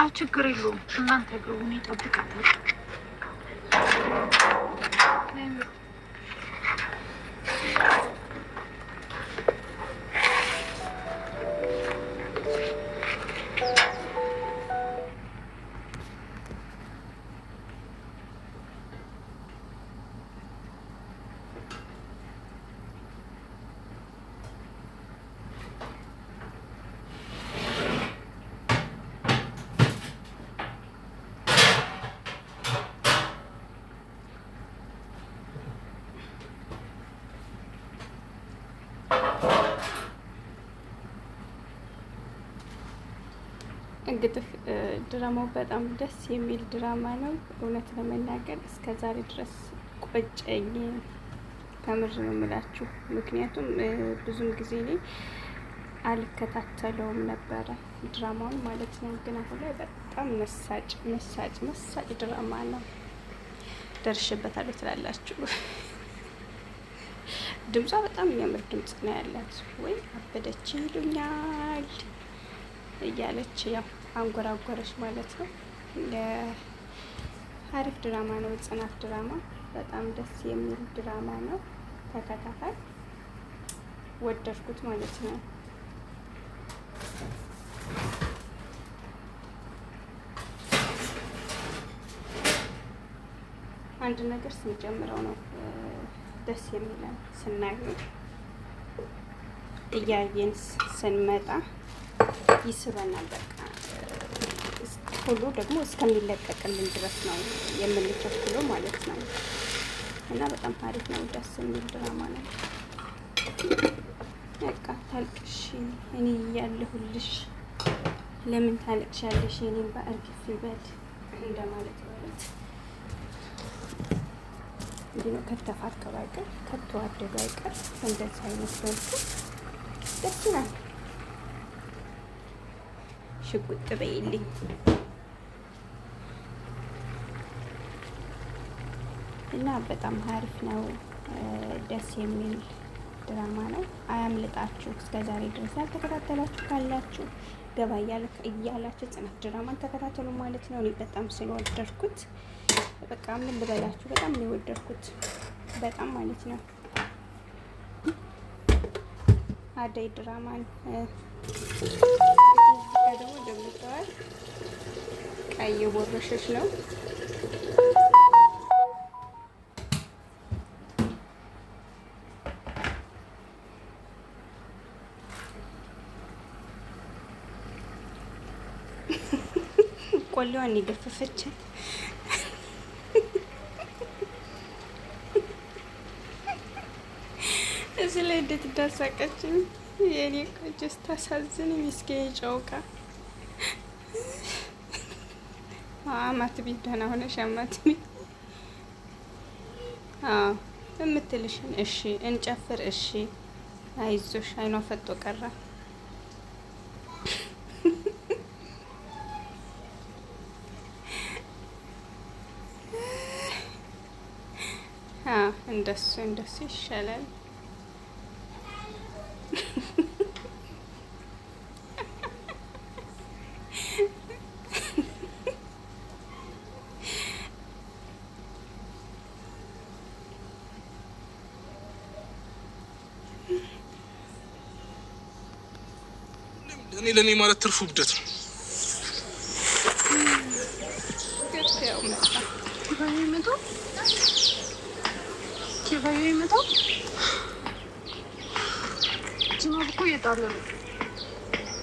አዎ ችግር የለውም። እናንተ ግቡ፣ እኔ እጠብቃታለሁ። እንግዲህ ድራማው በጣም ደስ የሚል ድራማ ነው። እውነት ለመናገር እስከ ዛሬ ድረስ ቆጨኝ፣ ከምር ነው የምላችሁ። ምክንያቱም ብዙም ጊዜ ላይ አልከታተለውም ነበረ ድራማውን ማለት ነው። ግን አሁን ላይ በጣም መሳጭ መሳጭ መሳጭ ድራማ ነው። ደርሽበታለሁ ትላላችሁ። ድምጿ በጣም የሚያምር ድምጽ ነው ያላት። ወይ አበደች ይሉኛል እያለች ያው አንጎራጎረች ማለት ነው። አሪፍ ድራማ ነው። ጽናት ድራማ በጣም ደስ የሚል ድራማ ነው። ተከታታይ ወደድኩት ማለት ነው። አንድ ነገር ስንጀምረው ነው ደስ የሚለን ስናየው፣ እያየን ስንመጣ ይስበናል በቃ ቶሎ ደግሞ እስከሚለቀቅልን ድረስ ነው የምንቸኩለው ማለት ነው። እና በጣም አሪፍ ነው፣ ደስ የሚል ድራማ ነው። በቃ ታልቅሽ እኔ እያለሁልሽ ለምን ታልቅሽ ያለሽ እኔም በእርግፍ ይበል እንደማለት ማለት እንዲህ ነው። ከተፋቀሩ ከቶ ከተዋደዱ አይቀር እንደዚህ አይነት መልኩ ደስ ይላል። ሽጉጥ በይልኝ እና በጣም ሀሪፍ ነው። ደስ የሚል ድራማ ነው። አያምልጣችሁ። እስከ ዛሬ ድረስ ያልተከታተላችሁ ካላችሁ ገባ እያላችሁ ጽናት ድራማን ተከታተሉ ማለት ነው። እኔ በጣም ስለወደድኩት በቃ ምን ልበላችሁ፣ በጣም ነው የወደድኩት፣ በጣም ማለት ነው። አደይ ድራማን ደግሞ ደብተዋል። ቀይ ቦረሸሽ ነው ቆሌዋን የገፈፈች እዚህ ላይ እንዴት እንዳሳቀችኝ የእኔ ቆንጆ ስታሳዝን ምስኪን ጨውቃ አማትቤ ደህና ሆነሽ አማትቤ የምትልሽን እሺ እንጨፍር እሺ አይዞሽ አይኗ ፈጦ ቀራ እንደሱ እንደሱ ይሻላል። እኔ ለእኔ ማለት ትርፉ እብደት ነው። ባዩ ይመጣው ዝናብ እኮ እየጣለ ነው።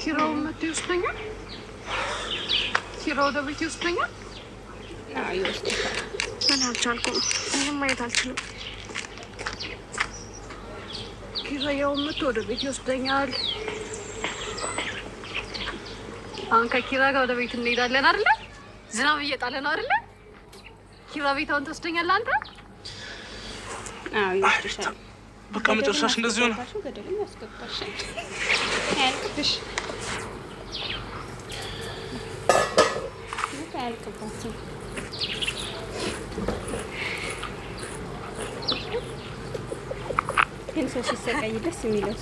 ኪራውን መቶ ይወስደኛል። ኪራው ወደ ቤት ይወስደኛል። ምን አልቻልኩም። ይህም ማየት አልችልም። ኪራውን መቶ ወደ ቤት ይወስደኛል። አሁን ከኪራ ጋር ወደ ቤት እንሄዳለን አይደለ? ዝናብ እየጣለ ነው አይደለ? ኪራ ቤታውን ትወስደኛለህ አንተ በቃ መጨረሻሽ እንደዚህ ሆነ። ግን ሰው ሲሰቃይ ደስ የሚለው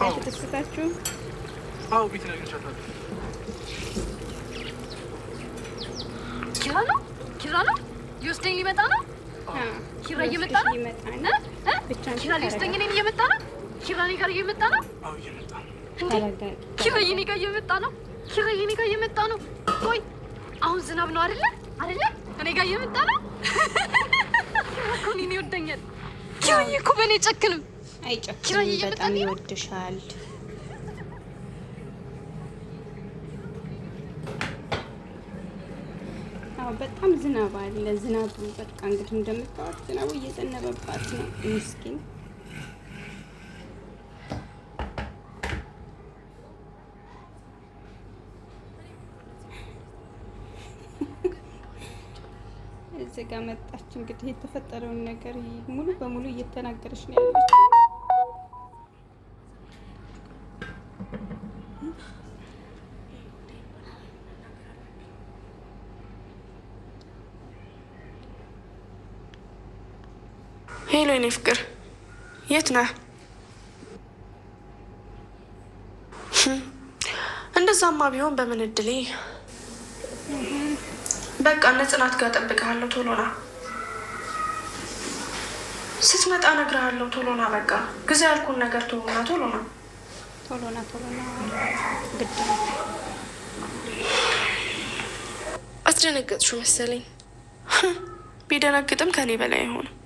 ሰው ተስታችሁ ቤት ነገር ኪራ ነው ሊወስደኝ ሊመጣ ነው። ኪራ እየመጣ ነው። ኪራ ሊወስደኝ እኔን እየመጣ ነው። ኪራ እኔ ጋር እየመጣ ነው። ኪራ እኔ ጋር እየመጣ ነው። ኪራ እኔ ጋር እየመጣ ነው። ቆይ አሁን ዝናብ ነው አይደለ? አይደለ? እኔ ጋር እየመጣ ነው። እኔን ይወደኛል። ኪራዬ እኮ በእኔ ጨክንም። ኪራዬ እየመጣ ይወድሻል በጣም ዝናብ አለ። ዝናቡ በቃ እንግዲህ እንደምታወቅ ዝናቡ እየዘነበባት ነው ምስኪን እዚህ ጋር መጣች። እንግዲህ የተፈጠረውን ነገር ሙሉ በሙሉ እየተናገረች ነው ያለች። ሄሎ፣ የኔ ፍቅር የት ነህ? እንደዛማ ቢሆን በምን እድሌ። በቃ እነ ጽናት ጋር እጠብቅሃለሁ። ቶሎ ና፣ ስትመጣ እነግርሃለሁ። ቶሎ ና፣ በቃ ጊዜ ያልኩን ነገር ቶሎ ና፣ ቶሎ ና፣ ቶሎ ና፣ ቶሎ ና። ግድ አስደነገጥሹ መሰለኝ። ቢደነግጥም ከኔ በላይ አይሆንም።